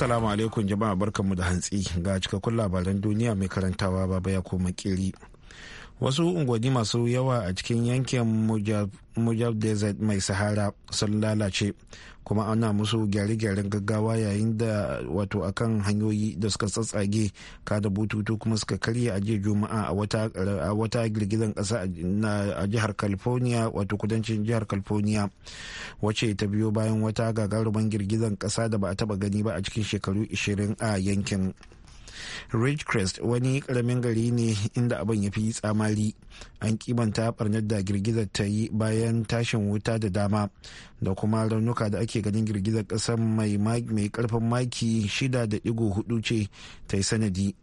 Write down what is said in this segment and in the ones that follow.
Assalamu alaikum jama'a barkanmu da hantsi ga cikakkun labaran duniya mai karantawa baba ya koma kiri. wasu unguwanni masu yawa a cikin yankin mujab desert mai sahara sun lalace kuma ana musu gyare-gyaren gaggawa yayin da wato akan hanyoyi da suka tsatsage kada bututu kuma suka karya a jiya juma'a a wata girgizan kasa a jihar california wato kudancin jihar california wace ta biyo bayan wata gagarumin girgizan kasa da ba a taba gani ba a cikin shekaru 20 a yankin. ridgecrest wani karamin gari ne inda abin ya fi tsamari an kimanta barnar da girgizar ta yi bayan tashin wuta da dama da kuma raunuka da ake ganin girgizar kasar mai karfin maki 6.4 ce ta yi sanadi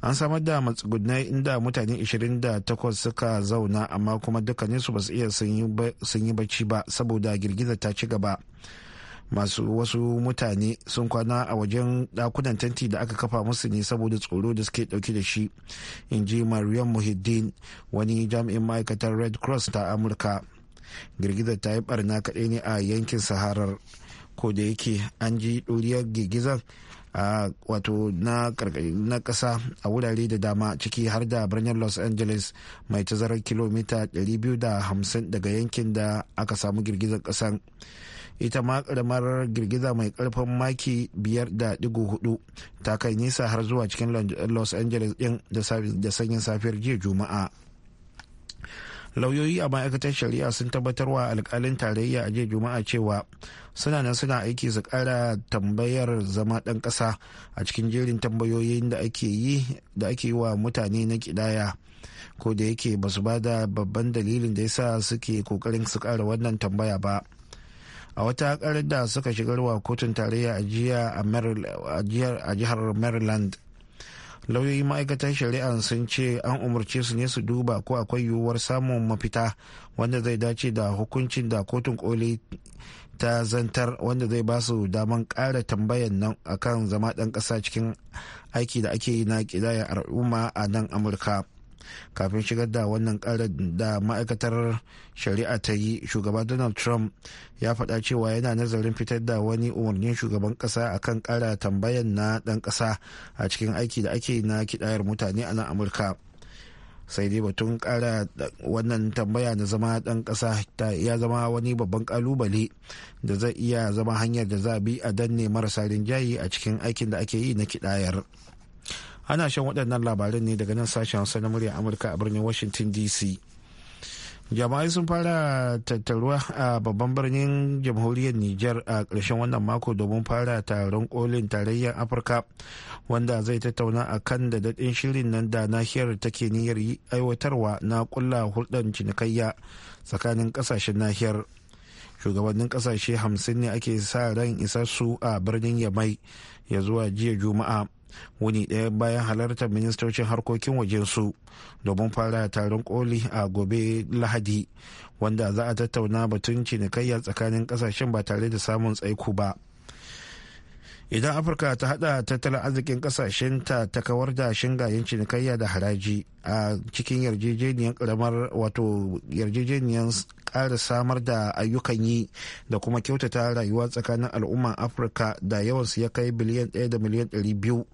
an samar da matsugunai inda mutane 28 suka zauna amma kuma dukkaninsu ba su iya sun yi bacci ba saboda girgizar ta ci gaba masu wasu mutane sun kwana a wajen dakunan tanti da aka kafa musu ne saboda tsoro da suke dauke da shi in ji mariam muhiddin wani jami'in ma'aikatar red cross ta amurka girgizar ta yi barna kaɗai ne a yankin saharar ko da yake an ji ɗoriyar girgizar a wato na ƙasa a wurare da dama ciki har da birnin los angeles mai tazarar kilomita 250 daga yankin da aka samu girgizar ƙasar ita ma karamar girgiza mai karfin maki biyar da 5.4 ta kai nisa har zuwa cikin los angeles din da sanyin safiyar jiya juma'a lauyoyi a ma'aikatar shari'a sun tabbatar wa alkalin tarayya a jiya juma'a cewa suna nan suna aiki su kara tambayar zama ɗan ƙasa a cikin jerin tambayoyin da ake yi da ake wa mutane na kidaya ko da yake ba su ba da babban dalilin da ya sa suke kokarin su kara wannan tambaya ba a wata karar da suka shigar wa kotun tarayya a jihar maryland lauyoyin ma'aikatar shari'a sun ce an umarci su ne su duba ko akwai yiwuwar samun mafita wanda zai dace da hukuncin da kotun koli ta zantar wanda zai ba su daman ƙara tambayan nan akan zama ɗan ƙasa cikin aiki da ake yi na ƙidayar al'umma a nan amurka. kafin shigar da wannan karar da ma'aikatar shari'a ta yi shugaba donald trump ya faɗa cewa yana nazarin fitar da wani umarnin shugaban ƙasa akan kara tambayan na ɗan ƙasa a cikin aiki da ake na kiɗayar mutane a nan amurka sai dai batun kara wannan tambaya na zama ɗan ƙasa ya zama wani babban kalubale da zai iya zama hanyar da za a bi a danne marasa rinjaye a cikin aikin da ake yi na kiɗayar. ana shan waɗannan labaran ne daga nan sashen hausa na murya amurka a birnin washington dc jama'ai sun fara tattaruwa a babban birnin jamhuriyar niger a ƙarshen wannan mako domin fara taron kolin tarayyar afirka wanda zai tattauna a kan da daɗin shirin nan da nahiyar take niyyar yi aiwatarwa na ƙulla hulɗar cinikayya tsakanin ƙasashen nahiyar shugabannin ƙasashe hamsin ne ake sa ran isar su a birnin yamai ya zuwa jiya juma'a wuni ɗaya bayan halartar ministocin harkokin su domin fara taron koli a gobe lahadi wanda za a tattauna batun cinikayya tsakanin kasashen ba tare da samun tsaiku ba idan afirka ta hada tattalin arzikin kasashenta ta kawar da shingayen cinikayya da haraji a cikin yarjejeniyar karamar wato yarjejeniyar kara samar da ayyukan yi da kuma kyautata rayuwa tsakanin al'umman afirka da yawansu ya kai biliyan 1 da miliyan 200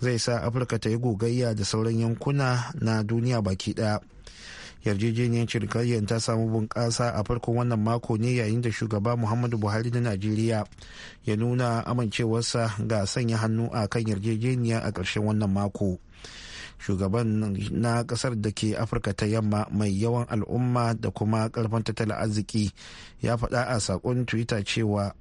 zai sa afirka ta yi gogayya da sauran yankuna na duniya baki daya yarjejeniyar cinikayyar ta samu bunƙasa a farkon wannan mako ne yayin da shugaba muhammadu buhari na najeriya ya nuna amincewarsa ga sanya hannu a kan yarjejeniya a ƙarshen wannan mako shugaban na kasar da ke afirka ta yamma mai yawan al'umma da kuma karfin tattalin arziki ya faɗa a saƙon twitter cewa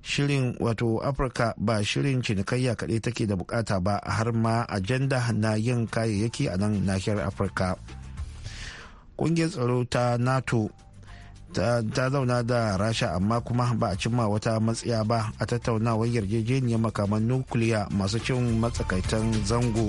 shirin wato afirka ba shirin cinikayya kaɗai take da bukata ba har ma ajanda na yin kayayyaki a nan nahiyar afirka. kungiyar tsaro ta nato ta zauna da rasha amma kuma ba a cimma wata matsiya ba a tattaunawar yarjejeniyar makaman nukiliya masu cin matsakaitan zango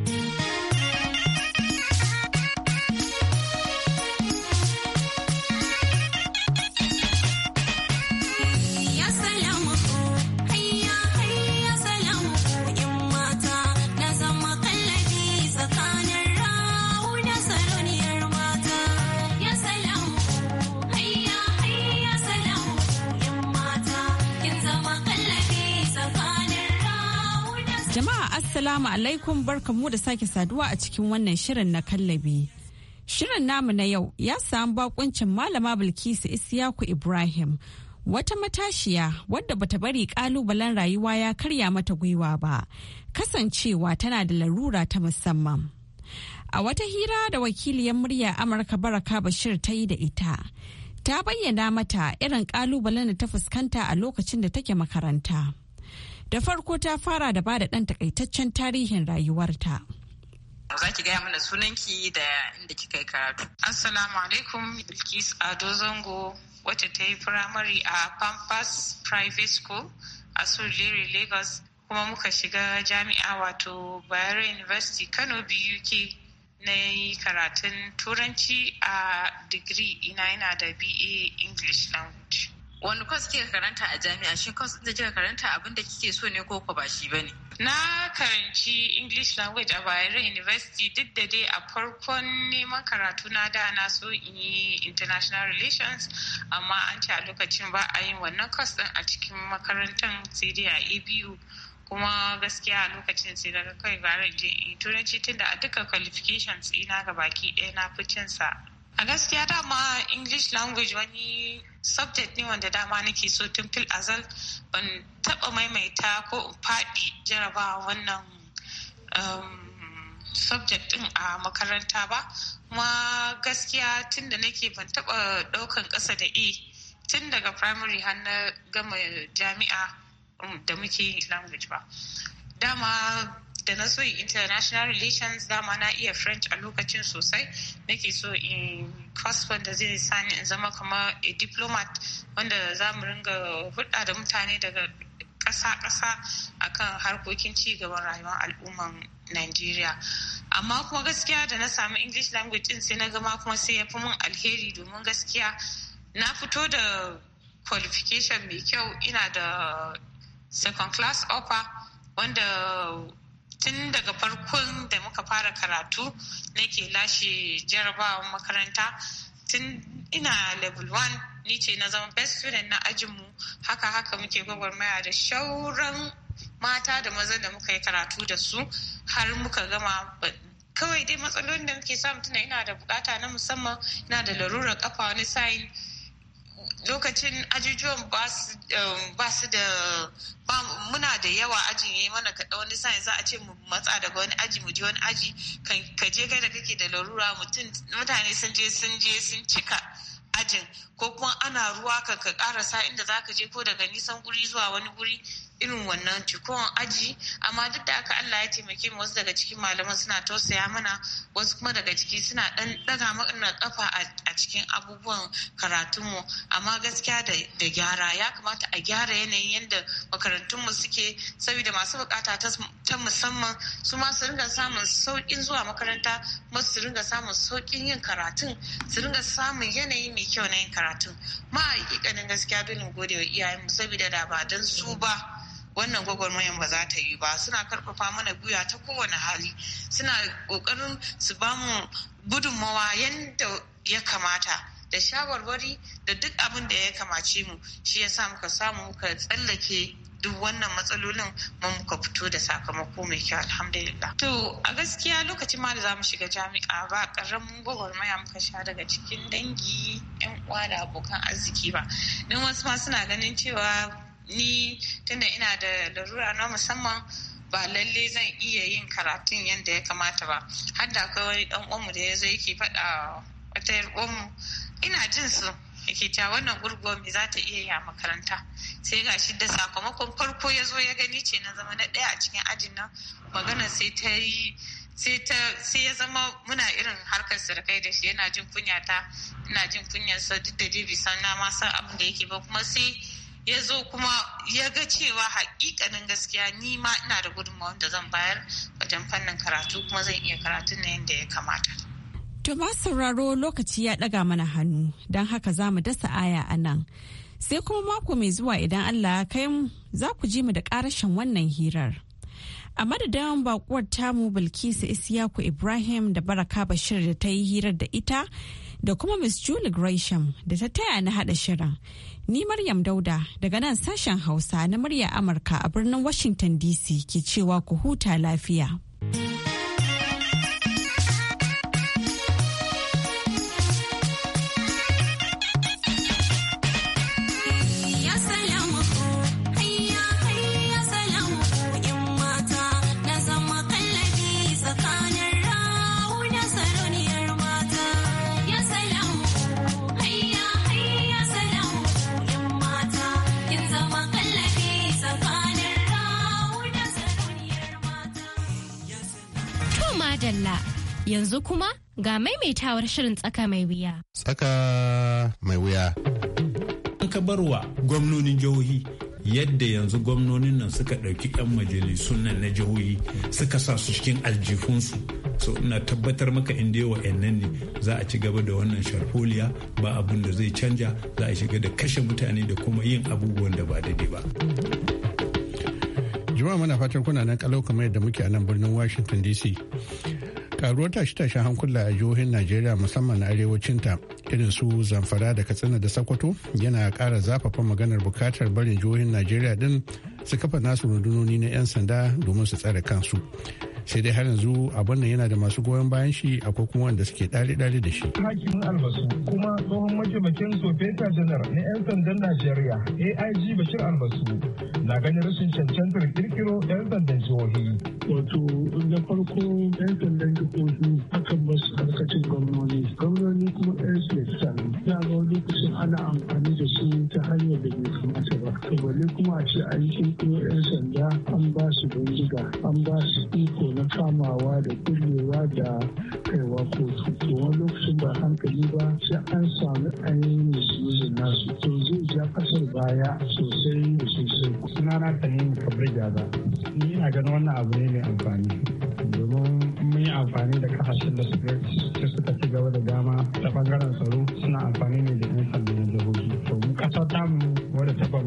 Assalamu alaikum barkamu da sake saduwa a cikin wannan shirin na kallabi. Shirin namu na yau ya samu bakuncin Malama Bilkisu Isiyaku Ibrahim. Wata matashiya wadda bata bari kalubalen rayuwa ya karya mata gwiwa ba, kasancewa tana da larura ta musamman. A wata hira da wakiliyar murya Amurka Baraka Bashir ta yi da ita, ta bayyana mata irin kalubalen da ta fuskanta a lokacin da take makaranta. Da farko ta fara da ba da ɗan takaitaccen tarihin rayuwarta. za ki gaya mana sunanki da inda kika yi karatu. Assalamu alaikum Bilkis Ado Zango wacce ta yi firamare a Pampas Private School a Surulere Lagos kuma muka shiga jami'a wato Bayero University Kano BUK na yi karatun turanci a digiri ina yana da BA English language. wani kwas kika karanta a jami'a shi kwas da kika karanta abin da kike so ne ko ko ba shi bane na karanci english language a bayero university duk da dai a farkon neman karatu na da na so in yi international relations amma an ce a lokacin ba a yin wannan kwas din a cikin makarantar sai dai a abu kuma gaskiya a lokacin sai daga kai ba je in turanci tunda a duka qualifications ina ga baki ɗaya na fi cinsa A gaskiya dama English language wani subject ne wanda dama nake so tun fil azal ban taba maimaita ko in faɗi jaraba wannan um, subject din a makaranta ba kuma gaskiya tun da nake ban taba ɗaukan ƙasa da e tun daga primary har na gama jami'a um, da muke language ba dama da na so international relations dama na iya french a lokacin sosai nake so in cross wanda zai sani in zama kama a diplomat wanda za mu ringa hulɗa da mutane daga ƙasa-ƙasa akan harkokin ci gaban rayuwar al'umman nigeria Amma kuma gaskiya da na samu English language din sai na gama kuma sai ya fi mun alheri domin gaskiya na fito da qualification mai kyau ina da second class offer wanda tun daga farkon da muka fara karatu nake lashe jarabawan makaranta tun ina level 1 ni ce na zama best student na ajinmu haka haka muke gwagwarmaya da shauran mata da maza da muka yi karatu da su har muka gama kawai dai matsalolin da muke samu tuna ina da bukata na musamman ina da larurar kafa wani sa'in lokacin ajujuwan ba su um, da muna da yawa ajin yi mana kaɗa wani sa za a ce mu matsa daga wani aji mu je wani aji ka je kai da kake da larura mutane sun je sun je sun cika ajin ko kuma ana ruwa ka ka karasa inda za ka je ko daga nisan guri zuwa wani guri irin wannan cikon aji amma duk da aka Allah ya taimake mu wasu daga cikin malaman suna tausaya mana wasu kuma daga ciki suna dan daga mana kafa a cikin abubuwan karatunmu amma gaskiya da gyara ya kamata a gyara yanayin yadda makarantunmu suke saboda masu bukata ta musamman su ma su ringa samun saukin zuwa makaranta kuma su ringa samun saukin yin karatun su ringa samun yanayi mai kyau na yin karatun ma a gaskiya dole gode wa mu saboda da ba don su ba wannan gwagwarmayan ba za ta yi ba suna karfafa mana guya ta kowane hali suna kokarin su ba mu gudunmawa yadda ya kamata da shawarwari da duk abin da ya kamace mu shi ya sa muka samu muka tsallake duk wannan matsalolin mun muka fito da sakamako mai kyau alhamdulillah to a gaskiya lokacin ma da zamu shiga jami'a ba karamin gwagwarmaya muka sha daga cikin dangi yan uwa da abokan arziki ba don wasu ma suna ganin cewa ni tunda ina da larura na musamman ba lalle zan iya yin karatun yadda ya kamata ba har da akwai wani dan uwanmu da ya zo yake faɗa wata yar uwanmu ina jin su yake ta wannan gurguwar me za ta iya yi a makaranta sai ga shi da sakamakon farko ya zo ya gani ce na zama na ɗaya a cikin ajin nan magana sai ta yi sai ya zama muna irin harkar surukai da shi yana jin kunya ta ina jin kunyar sa duk da dai bisan na ma san abin da yake ba kuma sai ya zo kuma ya ga cewa hakikanin gaskiya ni ma ina da gudunmawar da zan bayar wajen fannin karatu kuma zan iya karatu na yadda ya kamata. To ma sauraro lokaci ya ɗaga mana hannu don haka za mu dasa aya a nan. Sai kuma mako mai zuwa idan Allah ya kai mu za ku ji mu da ƙarashin wannan hirar. A madadin bakuwar tamu Bilkisu Isiyaku Ibrahim da Baraka Bashir da ta yi hirar da ita da kuma Miss Julie Gresham da ta taya na haɗa shirin. Ni Maryam Dauda daga nan sashen Hausa na murya Amurka a birnin Washington DC ke cewa ku huta lafiya. yanzu kuma ga maimaitawar shirin tsaka mai wuya. Tsaka mai wuya. An wa gwamnonin jihohi yadda yanzu gwamnonin nan suka ɗauki 'yan majalisun nan na jihohi suka sa su cikin aljihunsu so ina tabbatar maka in ya nan ne za a ci gaba da wannan sharholiya ba abin da zai canja za a shiga da kashe mutane da kuma yin abubuwan da ba daidai ba. Juma'a muna fatan kuna nan kalau kamar yadda muke a nan birnin Washington DC. karuwar tashe-tashen hankula a jihohin najeriya musamman na ta irin su zamfara da katsina da sokoto yana kara zafafa maganar bukatar barin jihohin najeriya din su kafa nasu rundunoni na 'yan sanda domin su tsare kansu sai dai har yanzu abin nan yana da masu goyon bayan shi akwai kuma wanda suke dare-dare da shi. Hakimin Albasu kuma tsohon mataimakin Sofeta Janar na 'yan sandan Najeriya AIG Bashir Albasu na ganin rashin cancantar kirkiro 'yan sandan jihohi. Wato da farko 'yan sandan jihohi akan basu harkacin gwamnoni. Gwamnoni kuma 'yan sandan. Ya ga wani lokacin ana amfani da su ta hanyar da ke balle kuma a ce an yi 'yan sanda an ba su bindiga an ba su iko na kamawa da kullewa da kaiwa kotu to wani lokacin ba hankali ba sai an samu ainihin musulmi nasu to zai ja kasar baya sosai da sosai Suna ta ne kabar jaza ni ina ganin wannan abu ne mai amfani domin mun yi amfani da kasashen da suka ci gaba da dama ta bangaren tsaro suna amfani ne da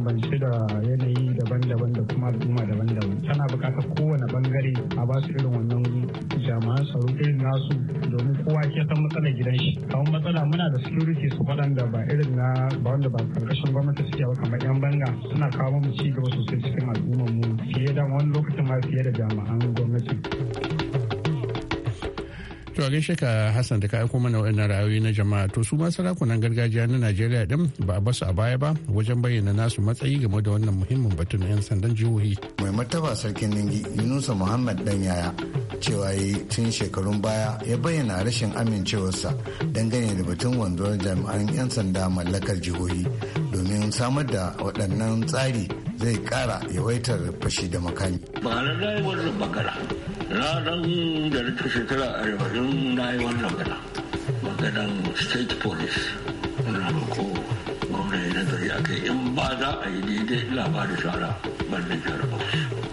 bambance da yanayi daban-daban da kuma al'umma daban-daban tana buƙatar kowane bangare a ba su irin wannan jama'a tsaro irin nasu domin kowa ke san matsalar gidan shi kawai matsala muna da security su waɗanda ba irin na ba wanda ba karkashin gwamnati suke ba kamar yan banga suna kawo mu ci gaba sosai cikin al'ummar mu fiye da wani lokacin ma fiye da jami'an gwamnati. to a gaishe ka hassan da ka aiko mana waɗannan ra'ayoyi na jama'a to su ma sarakunan gargajiya na najeriya din ba a basu a baya ba wajen bayyana nasu matsayi game da wannan muhimmin batun yan sandan jihohi mai martaba sarkin ningi yunusa muhammad dan yaya cewa yi tun shekarun baya ya bayyana rashin amincewarsa dangane da batun wanzuwar jami'an yan sanda mallakar jihohi domin samar da waɗannan tsari zai kara yawaitar fashi da makami. Ba na rayuwar bakara na dan da ta shekara arba'in na yi wannan gana maganan state police na ko gwamnati nazari a kai in ba za a yi daidai labarin shara ban da jihar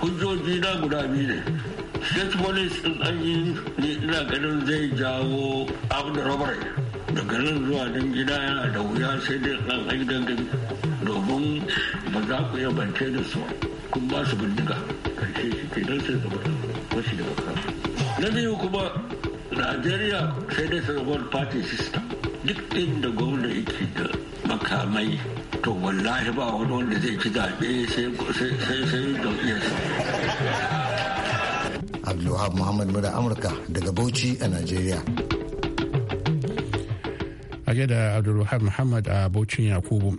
hujjoji na guda biyu ne state police in an yi ne ina ganin zai jawo abu da daga nan zuwa don gida yana da wuya sai dai an aiki dangane domin ba za ku iya bance da su kun ba su bindiga karshe shi ke don sai zubar shi da na biyu kuma najeriya sai dai sanarwar party system duk inda gwamna yake da makamai to wallahi ba wani wanda zai ci zaɓe sai sai jam'iyyarsa abdullahi muhammad mura amurka daga bauchi a najeriya a da abdulwahab muhammad a bocin yakubu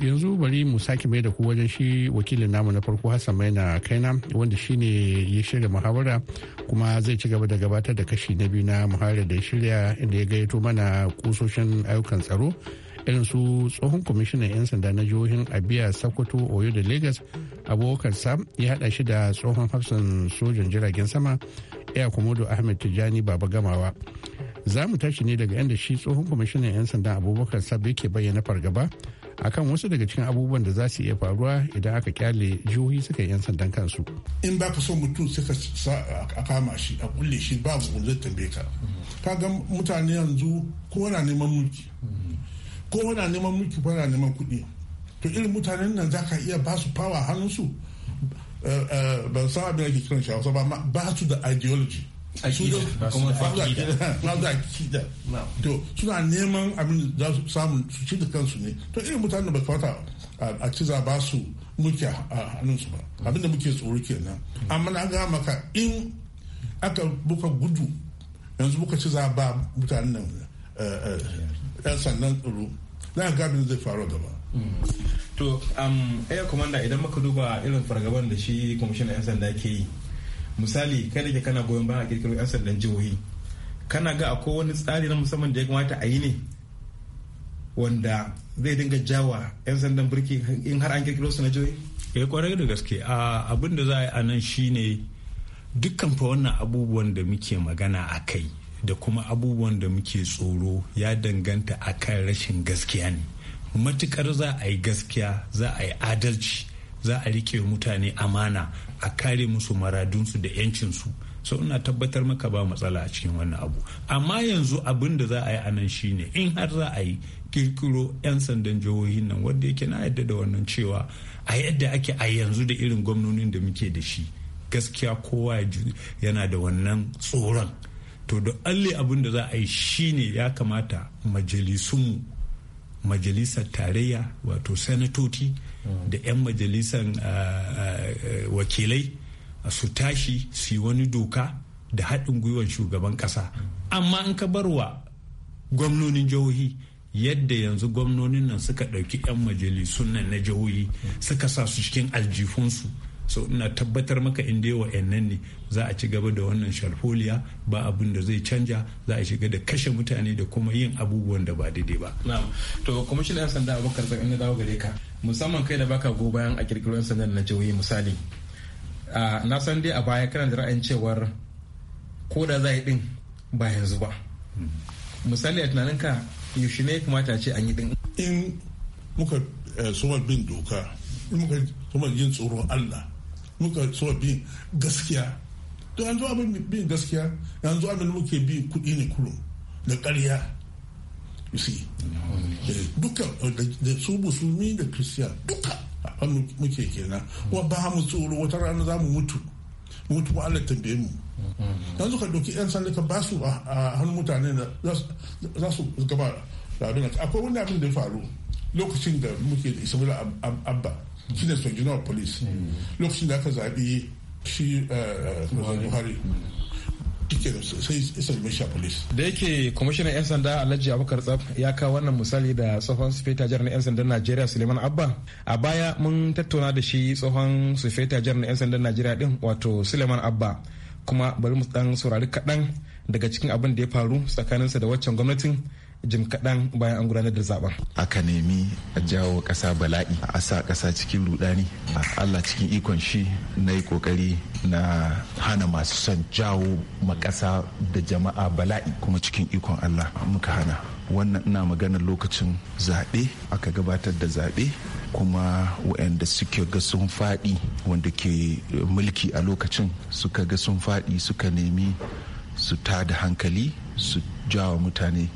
yanzu bari mu sake mai da ku wajen shi wakilin namu na farko hassan maina kaina wanda shine ya shirya muhawara kuma zai ci gaba da gabatar da kashi na biyu na muhawarar da ya shirya inda ya gayyato mana kusoshin ayyukan tsaro irin su tsohon kwamishinan 'yan sanda na jihohin abia sokoto oyo da lagos abokan sam ya hada shi da tsohon hafsan sojan jiragen sama ya komodo ahmed tijani baba gamawa za mu tashi ne daga yadda shi tsohon kwamishinan 'yan sandan abubakar sabbi ke bayyana fargaba akan wasu daga cikin abubuwan da za su iya faruwa idan aka kyale jihohi suka yi 'yan sandan kansu in ba ka so mutum suka a kama shi a kulle shi ba mu kulle tambaye ka ka ga mutane yanzu ko na neman mulki ko na neman mulki ko na neman kuɗi to irin mutanen nan za ka iya ba su hannun su. Eh, eh, ban san abin da ke kiran shi hausa ba ba su da ideology to suna neman abin da za su samu su ci da kansu ne to irin mutane ba fata a ciza ba su muke a hannunsu ba abin da muke tsoro kenan amma na ga maka in aka buka gudu yanzu muka ci za ba mutanen nan eh, yan sandan tsaro za ga abin zai faru gaba mm. to um, air commander idan muka duba irin fargaban da shi kwamishinan 'yan sanda ke yi misali kai da ke kana goyon ba a kirkiro 'yan sandan jihohi kana ga a wani tsari na musamman da ya kamata a yi ne wanda zai dinga jawa 'yan sandan birki in har an kirkiro su na jihohi yi eh, kwarai da gaske abin da za a yi a nan shi ne dukkan fa wannan abubuwan da muke magana a kai da kuma abubuwan da muke tsoro ya danganta akan rashin gaskiya ne matukar za a yi gaskiya za a yi adalci za a rike mutane amana a kare musu maradunsu da 'yancinsu so ina tabbatar maka ba matsala a cikin wannan abu amma yanzu abin da za a yi anan nan shine in har za a yi kirkiro 'yan sandan jihohin nan wanda yake na yadda da wannan cewa a yadda ake a yanzu da irin gwamnonin da muke da shi gaskiya kowa yana da wannan tsoron to da alli abin da za a yi shine ya kamata majalisunmu majalisar tarayya wato sanatoci da 'yan majalisar wakilai su tashi su yi wani doka da haɗin gwiwar shugaban ƙasa amma in ka wa gwamnonin jihohi yadda yanzu gwamnonin nan suka ɗauki 'yan majalisun nan na jihohi suka sa su cikin aljihunsu so ina tabbatar maka in dai wa'annan ne za a ci gaba da wannan sharholiya ba abin da zai canja za a shiga da kashe mutane da kuma yin abubuwan da ba daidai ba. to kwamishin yan sanda abubakar zan ina dawo gare ka musamman kai da baka go bayan a kirkiro yan sanda na jihohi misali na san dai a baya kana da ra'ayin cewar ko da za yi din ba yanzu ba misali a tunaninka yaushe ne ya kamata ce an yi din. in muka eh, sumar bin doka in muka suma yin tsoron allah muka so bin gaskiya to yanzu abin bin gaskiya yanzu abin muke bi kudi ne kurum da ƙarya you see duka da su musulmi da kristiya duka a muke kenan wa ba mu tsoro wata rana za mu mutu mutu ba Allah tambaye mu yanzu ka doki yan sanda ka ba su a hannun mutane da za su gaba da abin akwai wani abin da ya faru lokacin da muke da ismaila abba su ne sojinar police mm. lokacin da aka zaɓi shi buhari eh, eh, da yake kwamishinan 'yan sanda alhaji abubakar tsaf ya kawo wannan misali da tsohon sufeta jar na 'yan sandan najeriya suleiman abba a baya mun tattauna da shi tsohon sufeta jar na 'yan sandan najeriya din wato suleiman abba kuma bari mu dan saurari kaɗan daga cikin abin da ya faru tsakaninsa da waccan gwamnatin jim kaɗan bayan an gudanar da zaben. Aka nemi a jawo ƙasa bala'i a sa ƙasa cikin a Allah cikin ikon shi na yi ƙoƙari na hana masu son jawo makasa da jama'a bala'i kuma cikin ikon Allah muka hana. Wannan ina magana lokacin zaɓe aka gabatar da zaɓe kuma waɗanda suke ga sun faɗi wanda ke mulki a lokacin suka ga sun faɗi suka nemi su tada hankali su jawa mutane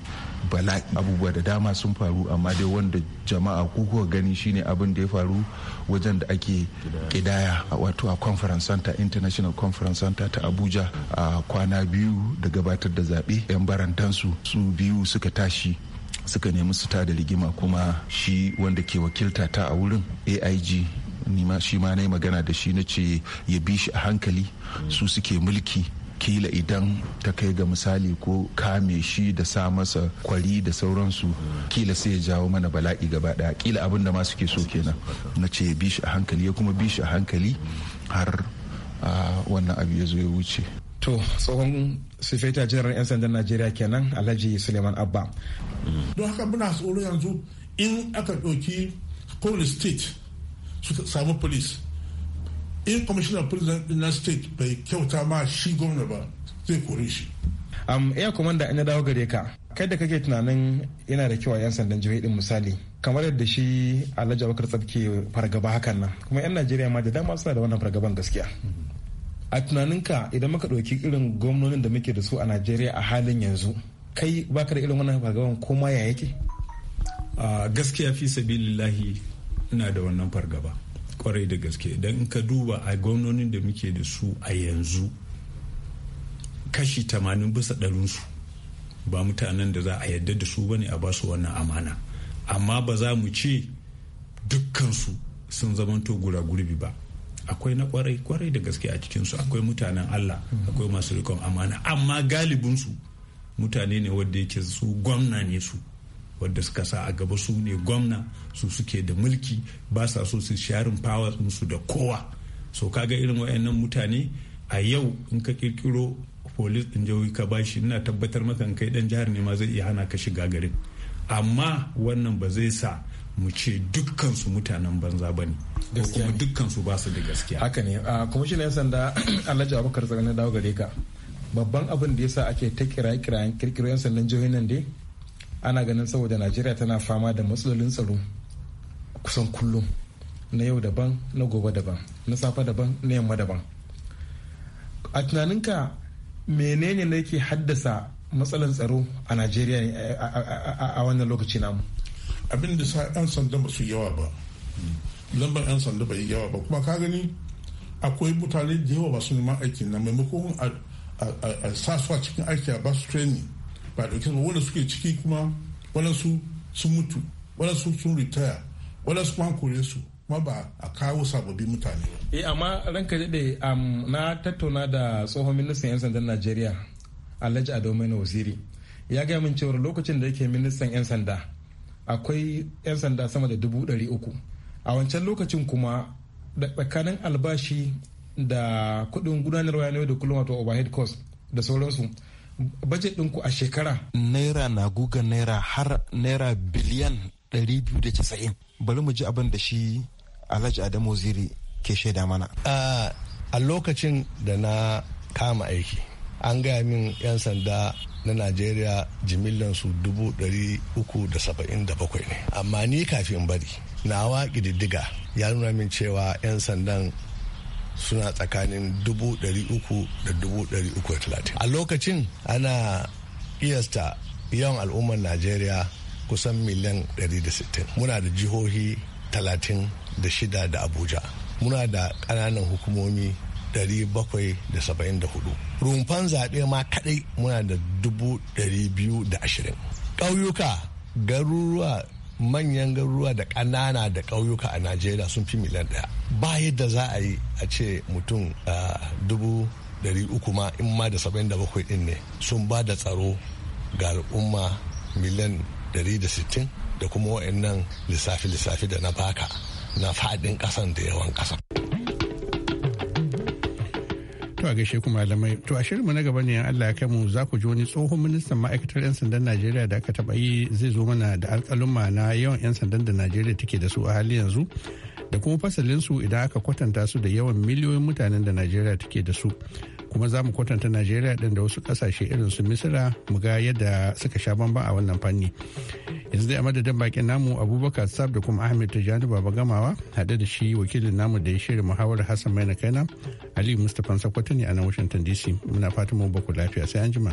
bala'i abubuwa da dama sun faru amma dai wanda jama'a kuka gani shine abin da ya faru wajen da ake kidaya wato a conference center international conference center ta abuja a kwana biyu da gabatar da zaɓe 'yan barantansu su biyu suka tashi suka nemi su ta da rigima kuma shi wanda ke wakilta ta a wurin aig shi ma na yi magana da shi na ce ya bi shi a hankali su suke mulki kila idan ta kai ga misali ko kame shi da sa masa kwari da sauransu kila sai ya jawo mana bala'i gaba daya kila abin da ma suke so kenan na ce bi shi a hankali ya kuma bi shi a hankali har wannan abu ya zo ya wuce to tsohon sufeta jiran 'yan sandan najeriya kenan alhaji suleiman abba don haka muna tsoro yanzu in aka ɗauki kowane state su samu police in kwamishinan president din na state bai kyauta ma shi gwamna ba zai kore shi um, air da ina dawo gare ka kai da kake tunanin yana da kyau a 'yan sandan jihohi din misali kamar yadda shi alhaji abubakar tsabke fargaba hakan nan kuma 'yan najeriya ma da dama suna da wannan fargaban gaskiya a tunaninka idan muka ɗauki irin gwamnonin da muke da su a najeriya a halin yanzu kai baka da irin wannan fargaban koma ya yake gaskiya fi sabilillahi ina da wannan fargaba kwarai da gaske don in ka duba a gwamnonin da muke da su a yanzu kashi tamanin bisa ɗarinsu ba mutanen da za a yarda da su bane a ba su wannan amana amma ba za mu ce dukkansu sun zamanto gura gurbi ba akwai na kwarai kwarai da gaske a cikinsu akwai mutanen allah akwai masu rikon amana amma galibinsu mutane ne wadda yake su gwamna ne su wadda suka sa a gaba su ne gwamna su suke da mulki ba sa so su sharin power su da kowa so kaga irin wayannan mutane a yau in ka kirkiro police din jihohi ka bashi ina tabbatar maka in kai dan jihar ne ma zai iya hana ka shiga garin amma wannan ba zai sa mu ce dukkansu mutanen banza ba ne kuma dukkansu ba su da gaskiya haka ne a ah, da yan sanda alhaji abubakar tsakanin dawo gare ka babban abin da yasa ake ta kira kirayen kirkiro yan sandan jihohin nan dai ana ganin saboda najeriya tana fama da matsalolin tsaro kusan kullum na yau daban na gobe daban na safe daban na yamma daban a tunaninka menene ne ke haddasa matsalar tsaro a najeriya a wannan lokaci namu abin da sa 'yan sanda ba su yawa ba lambar 'yan sanda yi yawa ba kuma ka gani akwai mutane da yawa su neman aiki na maimakon a sasuwa cikin aiki a basu training ba wanda suke ciki kuma waɗansu sun mutu waɗansu sun ritaya waɗansu kuma kore su kuma ba a kawo sababbi mutane eh amma ranka daɗe na tattauna da tsohon ministan 'yan sandan najeriya alhaji mai waziri ya gaya min cewa lokacin da yake ministan 'yan sanda akwai 'yan sanda sama da dubu ɗari uku a wancan lokacin kuma da tsakanin albashi da kuɗin gudanarwa yau da kullum wato overhead cost da sauransu bajet ɗinku a shekara? Naira na guga naira har naira biliyan 290. Bari mu ji abin da shi Alhaji Adamu Ziri ke shaida mana. A lokacin da na kama aiki, an gaya min 'yan sanda na Najeriya jimillan su 377 ne. Amma ni kafin bari, nawa ƙididdiga ya nuna min cewa 'yan sandan suna tsakanin 300 da 330 a lokacin ana iyasta yawan al'ummar najeriya kusan miliyan 160 muna da jihohi 36 da abuja muna da ƙananan hukumomi 774 rumfan zaɓe ma kaɗai muna da 220 ƙauyuka garuruwa manyan garuruwa da ƙanana da ƙauyuka a najeriya sun fi miliyan ɗaya ba yadda za a yi a ce mutum dubu dari uku ma in ma da saba'in da bakwai ɗin ne sun ba da tsaro ga al'umma miliyan dari da sittin da kuma waɗannan lissafi-lissafi da na baka na faɗin ƙasan da yawan ƙasa. To a gaishe ku malamai. To a shirinmu na gaba ne yan Allah ya kai mu za ku ji wani tsohon ministan ma'aikatar 'yan sandan Najeriya da aka taɓa yi zai zo mana da alƙaluma na yawan 'yan sandan da Najeriya take da su a hali yanzu da kuma fasalin su idan aka kwatanta su da yawan miliyoyin mutanen da Najeriya take da su. kuma za mu kwatanta najeriya din da wasu kasashe irin su misira mu ga yadda suka sha bamban a wannan fanni yanzu dai a madadin bakin namu abubakar sab da kuma ahmed tijjani baba gamawa hade da shi wakilin namu da ya shirya muhawarar hassan maina kaina aliyu mustapha sakwato ne a nan washington dc muna fatan mu baku lafiya sai an jima.